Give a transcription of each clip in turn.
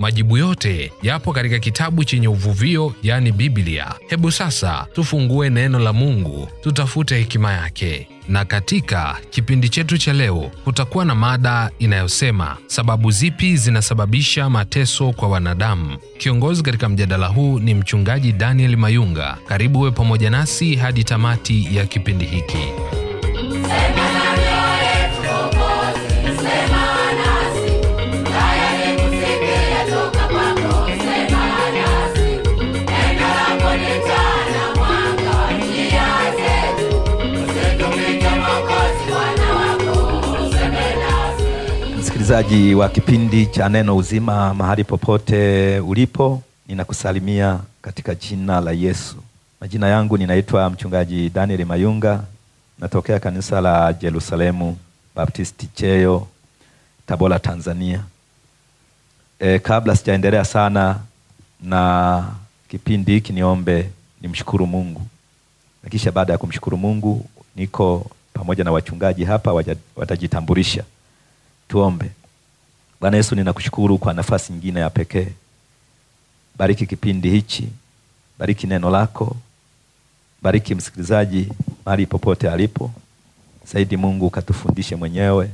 Majibu yote yapo katika kitabu chenye uvuvio, yani Biblia. Hebu sasa tufungue neno la Mungu, tutafute hekima yake. Na katika kipindi chetu cha leo kutakuwa na mada inayosema sababu zipi zinasababisha mateso kwa wanadamu. Kiongozi katika mjadala huu ni mchungaji Daniel Mayunga. Karibu we pamoja nasi hadi tamati ya kipindi hiki. Msikilizaji wa kipindi cha Neno Uzima, mahali popote ulipo, ninakusalimia katika jina la Yesu. Majina yangu ninaitwa Mchungaji Daniel Mayunga, natokea kanisa la Jerusalemu Baptisti Cheyo, Tabora, Tanzania. E, kabla sijaendelea sana na kipindi hiki, niombe nimshukuru Mungu, na kisha baada ya kumshukuru Mungu niko pamoja na wachungaji hapa watajitambulisha. Tuombe. Bwana Yesu, ninakushukuru kwa nafasi nyingine ya pekee. Bariki kipindi hichi, bariki neno lako, bariki msikilizaji mahali popote alipo. Saidi Mungu, katufundishe mwenyewe,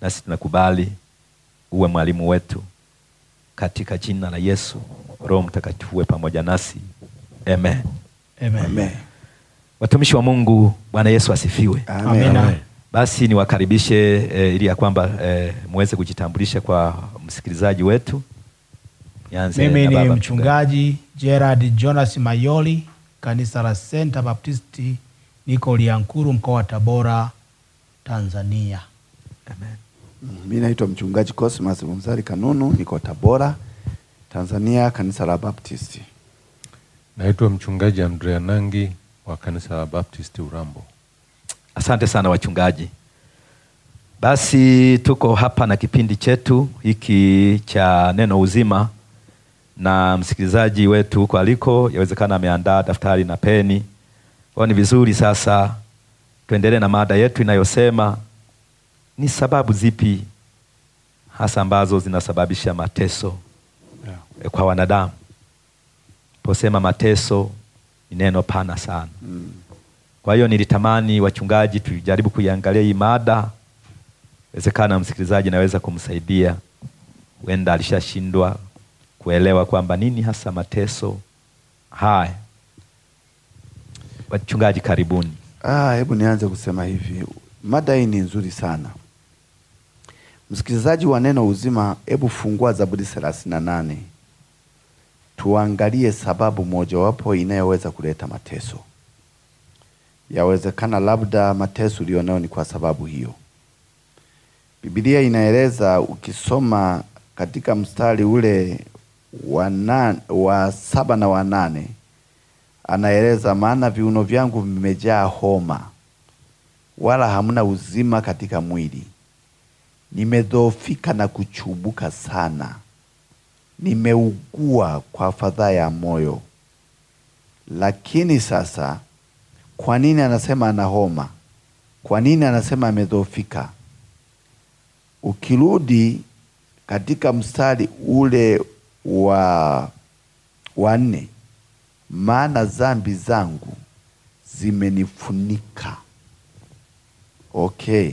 nasi tunakubali uwe mwalimu wetu, katika jina la Yesu. Roho Mtakatifu uwe pamoja nasi, amen. Amen. Amen. Watumishi wa Mungu, Bwana Yesu asifiwe. Amen. Amen. Amen. Basi niwakaribishe e, ili ya kwamba e, muweze kujitambulisha kwa msikilizaji wetu. Nianze mimi ni mchungaji Gerard Jonas Mayoli, kanisa la Center Baptisti, niko Liankuru, mkoa wa Tabora, Tanzania. Amen. Mimi naitwa mchungaji Cosmas Mumzari Kanunu, niko Tabora, Tanzania, kanisa la Baptisti. Naitwa mchungaji Andrea Nangi wa kanisa la Baptisti Urambo. Asante sana wachungaji. Basi tuko hapa na kipindi chetu hiki cha neno uzima, na msikilizaji wetu huko aliko, yawezekana ameandaa daftari na peni. Kwa ni vizuri sasa tuendelee na mada yetu inayosema ni sababu zipi hasa ambazo zinasababisha mateso yeah, kwa wanadamu. Posema mateso ni neno pana sana mm. Kwa hiyo nilitamani wachungaji tujaribu kuiangalia hii mada, wezekana msikilizaji naweza kumsaidia, huenda alishashindwa kuelewa kwamba nini hasa mateso haya. Wachungaji karibuni. Ah, hebu nianze kusema hivi, mada hii ni nzuri sana. Msikilizaji wa Neno Uzima, hebu fungua Zaburi thelathini na nane tuangalie sababu mojawapo inayoweza kuleta mateso. Yawezekana labda mateso ulionayo ni kwa sababu hiyo. Biblia inaeleza ukisoma katika mstari ule wanan, wa saba na wa nane anaeleza, maana viuno vyangu vimejaa homa, wala hamna uzima katika mwili, nimedhoofika na kuchubuka sana, nimeugua kwa fadhaa ya moyo. Lakini sasa kwa nini anasema ana homa? Kwa nini anasema amedhoofika? Ukirudi katika mstari ule wa wa nne, maana dhambi zangu zimenifunika. Okay,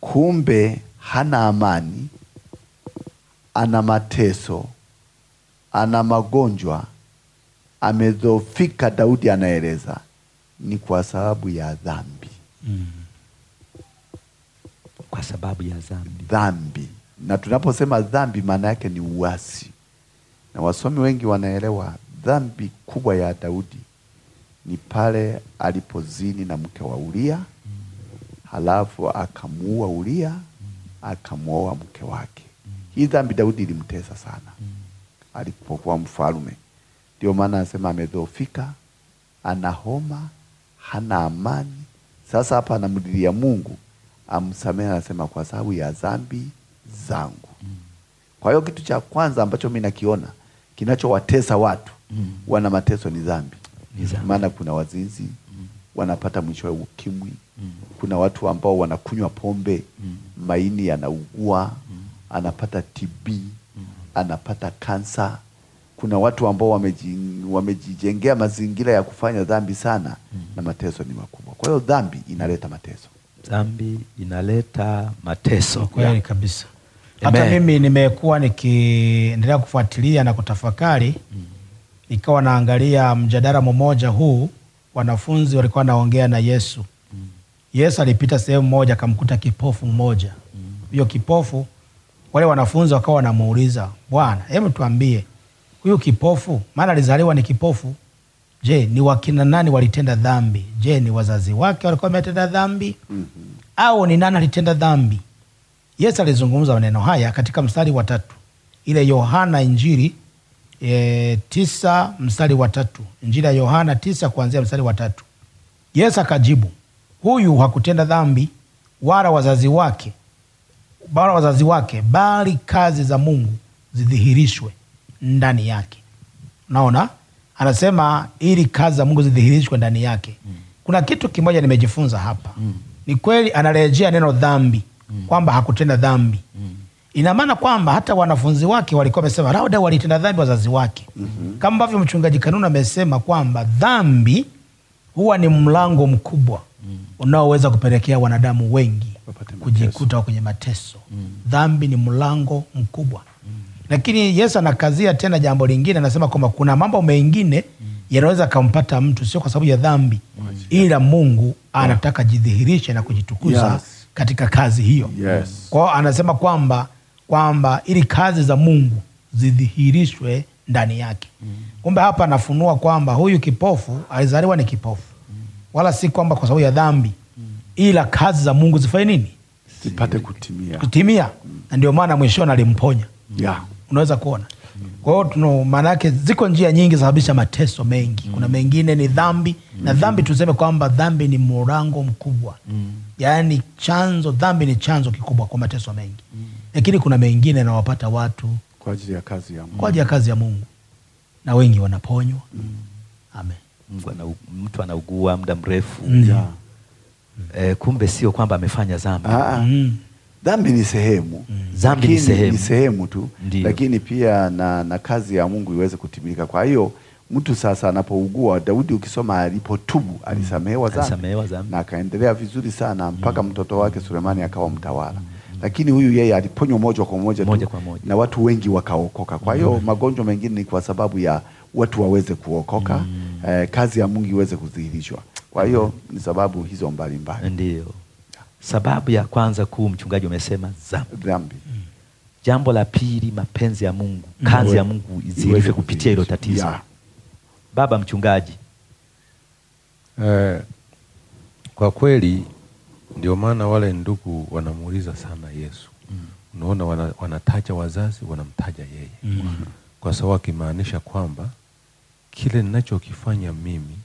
kumbe hana amani, ana mateso, ana magonjwa, amedhoofika. Daudi anaeleza ni kwa sababu ya dhambi mm. Kwa sababu ya dhambi, dhambi. Na tunaposema dhambi, maana yake ni uasi, na wasomi wengi wanaelewa dhambi kubwa ya Daudi ni pale alipozini na mke wa Uria mm. halafu akamuua Uria mm. akamwoa mke wake mm. Hii dhambi Daudi ilimtesa sana mm. alipokuwa mfalme, ndio maana anasema amedhoofika, ana homa hana amani. Sasa hapa anamdilia Mungu amsamehe, anasema kwa sababu ya dhambi zangu. Mm. Kwa hiyo kitu cha kwanza ambacho mimi nakiona kinachowatesa watu mm. wana mateso ni dhambi, maana kuna wazinzi mm. wanapata mwisho wa ukimwi mm. kuna watu ambao wanakunywa pombe mm. maini yanaugua mm. anapata TB mm. anapata kansa kuna watu ambao wamejijengea wame mazingira ya kufanya dhambi sana mm. na mateso ni makubwa. Kwa hiyo dhambi inaleta mateso, dhambi inaleta mateso kweli kabisa. Hata mimi nimekuwa nikiendelea kufuatilia na kutafakari mm. ikawa naangalia mjadala mmoja huu, wanafunzi walikuwa wanaongea na Yesu mm. Yesu alipita sehemu moja akamkuta kipofu mmoja mm. hiyo mm. kipofu, wale wanafunzi wakawa wanamuuliza Bwana, hebu tuambie huyu kipofu, maana alizaliwa ni kipofu. Je, ni wakina nani walitenda dhambi? Je, ni wazazi wake walikuwa wametenda dhambi? mm -hmm. au ni nani alitenda dhambi? Yesu alizungumza maneno haya katika mstari wa tatu, ile Yohana Injili e, tisa mstari wa tatu, Injili ya Yohana tisa kuanzia mstari wa tatu. Yesu akajibu, huyu hakutenda dhambi wala wazazi wake wala wazazi wake, bali kazi za Mungu zidhihirishwe ndani yake. Naona anasema ili kazi za Mungu zidhihirishwe ndani yake. Kuna kitu kimoja nimejifunza hapa. mm. Ni kweli anarejea neno dhambi, mm. kwamba hakutenda dhambi. mm. Ina maana kwamba hata wanafunzi wake walikuwa wamesema labda walitenda dhambi wazazi wake. mm -hmm. Kama ambavyo mchungaji kanuni amesema kwamba dhambi huwa ni mlango mkubwa mm. unaoweza kupelekea wanadamu wengi kujikuta kwenye mateso. mm. Dhambi ni mlango mkubwa lakini Yesu anakazia tena jambo lingine, anasema kwamba kuna mambo mengine mm. yanaweza akampata mtu sio kwa sababu ya dhambi mm. ila Mungu anataka jidhihirishe na kujitukuza yes. katika kazi hiyo yes. Kwao anasema kwamba kwamba ili kazi za Mungu zidhihirishwe ndani yake mm. Kumbe hapa anafunua kwamba huyu kipofu alizaliwa ni kipofu mm. wala si kwamba kwa sababu ya dhambi mm. ila kazi za Mungu zifanye nini? Zipate kutimia, kutimia. Mm. na ndio maana mwishoni alimponya unaweza kuona kwa hiyo no, maana yake ziko njia nyingi za sababisha mateso mengi. Mm. Kuna mengine ni dhambi na mm. dhambi tuseme kwamba dhambi ni murango mkubwa mm. yaani chanzo, dhambi ni chanzo kikubwa kwa mateso mengi lakini kuna mengine nawapata watu kwa ajili ya kazi ya Mungu, kwa ajili ya kazi ya Mungu, na wengi wanaponywa Amen. Mungu, mtu anaugua muda mrefu yeah. mm. E, kumbe sio kwamba amefanya dhambi ah, ah. Dhambi ni sehemu mm. Dhambi ni sehemu, ni sehemu tu Ndiyo. Lakini pia na, na kazi ya Mungu iweze kutimilika. Kwa hiyo mtu sasa anapougua, Daudi ukisoma alipotubu mm. alisamehewa dhambi na akaendelea vizuri sana mpaka mm. mtoto wake Sulemani akawa mtawala mm, mm. lakini huyu yeye aliponywa moja kwa moja, moja, kwa moja na watu wengi wakaokoka. Kwa hiyo mm. magonjwa mengine ni kwa sababu ya watu waweze kuokoka mm. eh, kazi ya Mungu iweze kudhihirishwa. Kwa hiyo mm. ni sababu hizo mbalimbali, ndio. Sababu ya kwanza kuu, mchungaji, umesema dhambi, Mm. Jambo la pili, mapenzi ya Mungu, kazi mm. ya Mungu izilife kupitia hilo tatizo yeah. Baba mchungaji, eh, kwa kweli ndio maana wale ndugu wanamuuliza sana Yesu mm. Unaona wana, wanataja wazazi wanamtaja yeye mm. Kwa sababu akimaanisha kwamba kile ninachokifanya mimi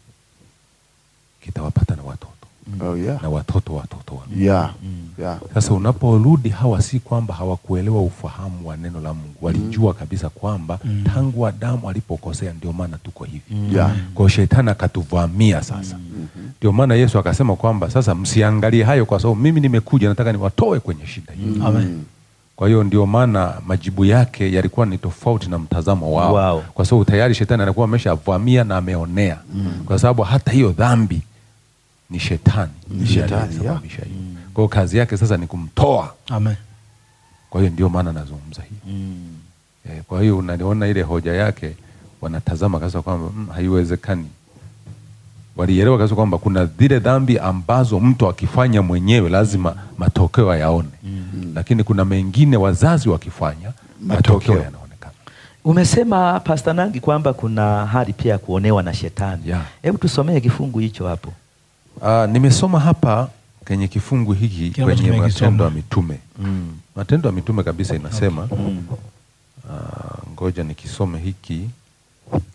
kitawapata na watoto Mm. Oh, na watoto watoto wao yeah. mm. yeah. Sasa unaporudi hawa, si kwamba hawakuelewa ufahamu wa neno la Mungu, walijua kabisa kwamba mm. tangu Adamu alipokosea ndio maana tuko hivi mm. yeah. kwa shetani akatuvamia sasa mm. Mm-hmm. ndio mm. -hmm. maana Yesu akasema kwamba sasa msiangalie hayo, kwa sababu mimi nimekuja, nataka niwatoe kwenye shida hii mm. Amen. Kwa hiyo ndio maana majibu yake yalikuwa ni tofauti na mtazamo wao wow. Kwa sababu tayari shetani anakuwa ameshavamia na ameonea mm. kwa sababu hata hiyo dhambi ni shetani, ni shetani sababisha hiyo. Kwa hiyo kazi yake sasa ni kumtoa. Amen. Kwa hiyo ndio maana nazungumza hii mm. E, kwa hiyo unaliona ile hoja yake wanatazama kasa kwamba mm, haiwezekani. Walielewa kasa kwamba kuna zile dhambi ambazo mtu akifanya mwenyewe lazima matokeo yaone mm. mm. Lakini kuna mengine wazazi wakifanya matokeo yanaonekana. Umesema Pastor Nangi kwamba kuna hali pia ya kuonewa na shetani. Hebu yeah. tusomee kifungu hicho hapo. Uh, nimesoma hapa kwenye kifungu hiki Kila kwenye Matendo ya Mitume mm. Matendo ya Mitume kabisa inasema mm. Uh, ngoja nikisome hiki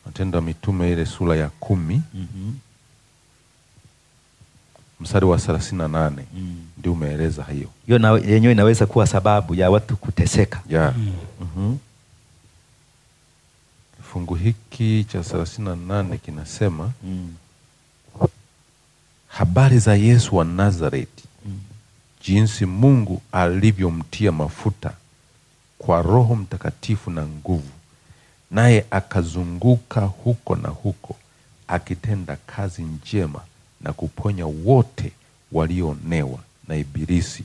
Matendo ya Mitume ile sura ya kumi mm -hmm. mstari wa thelathini na nane mm. ndio umeeleza hiyo hiyo, yenyewe inaweza kuwa sababu ya watu kuteseka yeah. mm. mm -hmm. kifungu hiki cha thelathini na nane kinasema mm habari za Yesu wa Nazareti, jinsi Mungu alivyomtia mafuta kwa Roho Mtakatifu na nguvu, naye akazunguka huko na huko akitenda kazi njema na kuponya wote walioonewa na Ibilisi,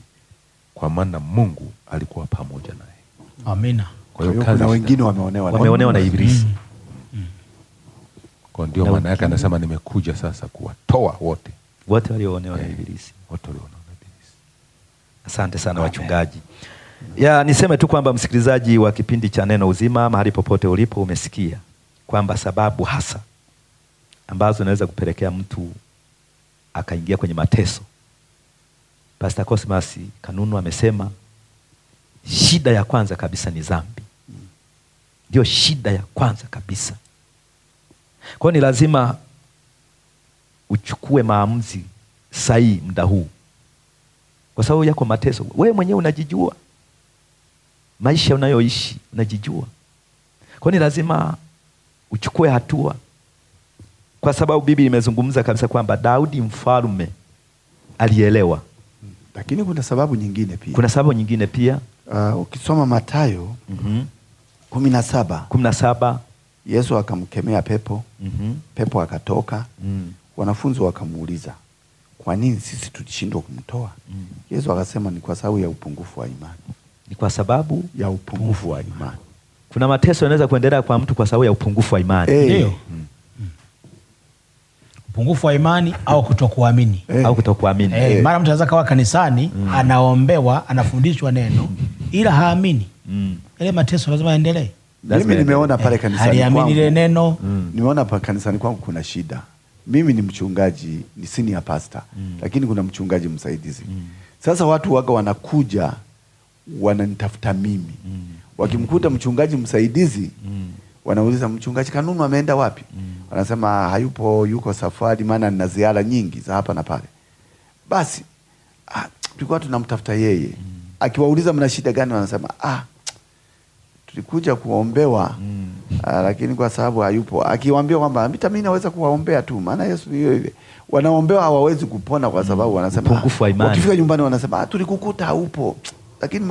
kwa maana Mungu alikuwa pamoja naye. Amina. Kwa hiyo kuna wengine wameonewa, wameonewa na Ibilisi mm. Kwa ndio maana yake anasema nimekuja sasa kuwatoa wote wote walioonewa na eh. ibilisi. Wote na ibilisi. Asante sana wachungaji. Ya, niseme tu kwamba msikilizaji wa kipindi cha Neno Uzima, mahali popote ulipo, umesikia kwamba sababu hasa ambazo zinaweza kupelekea mtu akaingia kwenye mateso. Pastor Cosmas Kanunu amesema shida ya kwanza kabisa ni dhambi, ndio shida ya kwanza kabisa. Kwa hiyo ni lazima uchukue maamuzi sahihi muda huu, kwa sababu yako mateso. Wewe mwenyewe unajijua, maisha unayoishi unajijua, kwa ni lazima uchukue hatua, kwa sababu Biblia imezungumza kabisa kwamba Daudi mfalme alielewa. Lakini kuna sababu nyingine pia, kuna sababu nyingine pia. Uh, ukisoma Mathayo mm -hmm. kumi na saba kumi na saba Yesu akamkemea pepo mm -hmm. pepo akatoka mm. Wanafunzi wakamuuliza kwa nini sisi tulishindwa kumtoa? mm. Yesu akasema ni kwa sababu ya upungufu wa imani. Ni kwa sababu ya upungufu wa imani. Kuna mateso yanaweza kuendelea kwa mtu kwa sababu ya upungufu wa imani. Hey. Eh. Ndio. mm. upungufu wa imani au kutokuamini. hey. Eh. au kutokuamini. hey. Eh, hey. Mara mtu anaweza kawa kanisani, mm. anaombewa, anafundishwa neno mm. ila haamini. mm. ile mateso lazima yaendelee. Mimi nimeona pale kanisani kwangu. Aliamini ile neno. Mm. Nimeona pale kanisani kwangu kuna shida mm mimi ni mchungaji, ni senior pastor mm. lakini kuna mchungaji msaidizi mm. Sasa watu waga wanakuja wananitafuta mimi mm. wakimkuta mm. mchungaji msaidizi mm. wanauliza mchungaji Kanunu ameenda wapi? mm. wanasema hayupo, yuko safari, maana nina ziara nyingi za hapa na pale. Basi ah, tulikuwa tunamtafuta yeye mm. akiwauliza mna shida gani, wanasema ah tulikuja kuombewa mm. Uh, lakini kwa sababu hayupo akiwaambia kwamba mita mimi naweza kuwaombea tu, maana Yesu ni hiyo hiyo, wanaombewa hawawezi kupona kwa mm. sababu wanasema upungufu wa imani. Wakifika nyumbani wanasema ah, tulikukuta haupo, lakini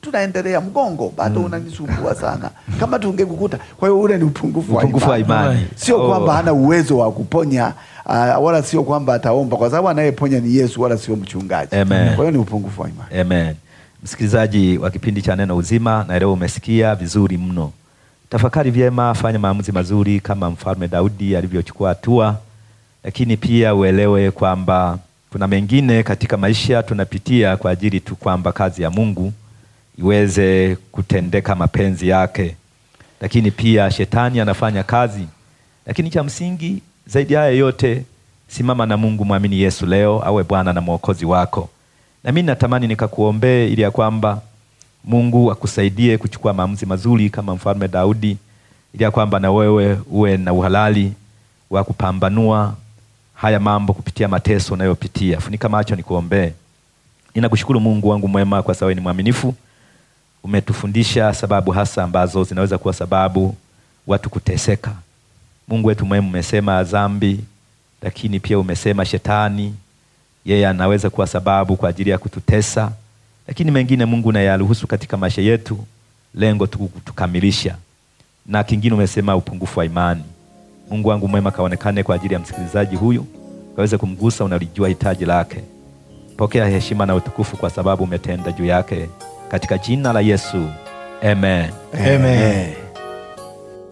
tunaendelea mgongo bado mm. unanisumbua sana, kama tungekukuta. Kwa hiyo ule ni upungufu, upungufu wa imani, sio oh. kwamba hana uwezo wa kuponya uh, wala sio kwamba ataomba, kwa sababu anayeponya ni Yesu wala sio mchungaji. Kwa hiyo ni upungufu wa imani. Amen. Msikilizaji wa kipindi cha Neno Uzima, naelewa umesikia vizuri mno. Tafakari vyema, fanya maamuzi mazuri kama Mfalme Daudi alivyochukua hatua, lakini pia uelewe kwamba kuna mengine katika maisha tunapitia kwa ajili tu kwamba kazi ya Mungu iweze kutendeka mapenzi yake, lakini pia shetani anafanya kazi. Lakini cha msingi zaidi haya yote, simama na Mungu, mwamini Yesu leo awe Bwana na Mwokozi wako. Nami natamani nikakuombee ili ya kwamba Mungu akusaidie kuchukua maamuzi mazuri kama mfalme Daudi, ili ya kwamba na wewe uwe na uhalali wa kupambanua haya mambo kupitia mateso unayopitia. Funika macho nikuombee. Ninakushukuru Mungu wangu mwema, kwa sababu ni mwaminifu. Umetufundisha sababu hasa ambazo zinaweza kuwa sababu watu kuteseka. Mungu wetu mwema, umesema dhambi, lakini pia umesema shetani yeye anaweza kuwa sababu kwa ajili ya kututesa, lakini mengine Mungu nayaruhusu katika maisha yetu, lengo tu kutukamilisha. Na kingine umesema upungufu wa imani. Mungu wangu mwema, kaonekane kwa ajili ya msikilizaji huyu, kaweze kumgusa. Unalijua hitaji lake, pokea heshima na utukufu, kwa sababu umetenda juu yake, katika jina la Yesu, amen, amen. amen.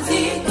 Brasil.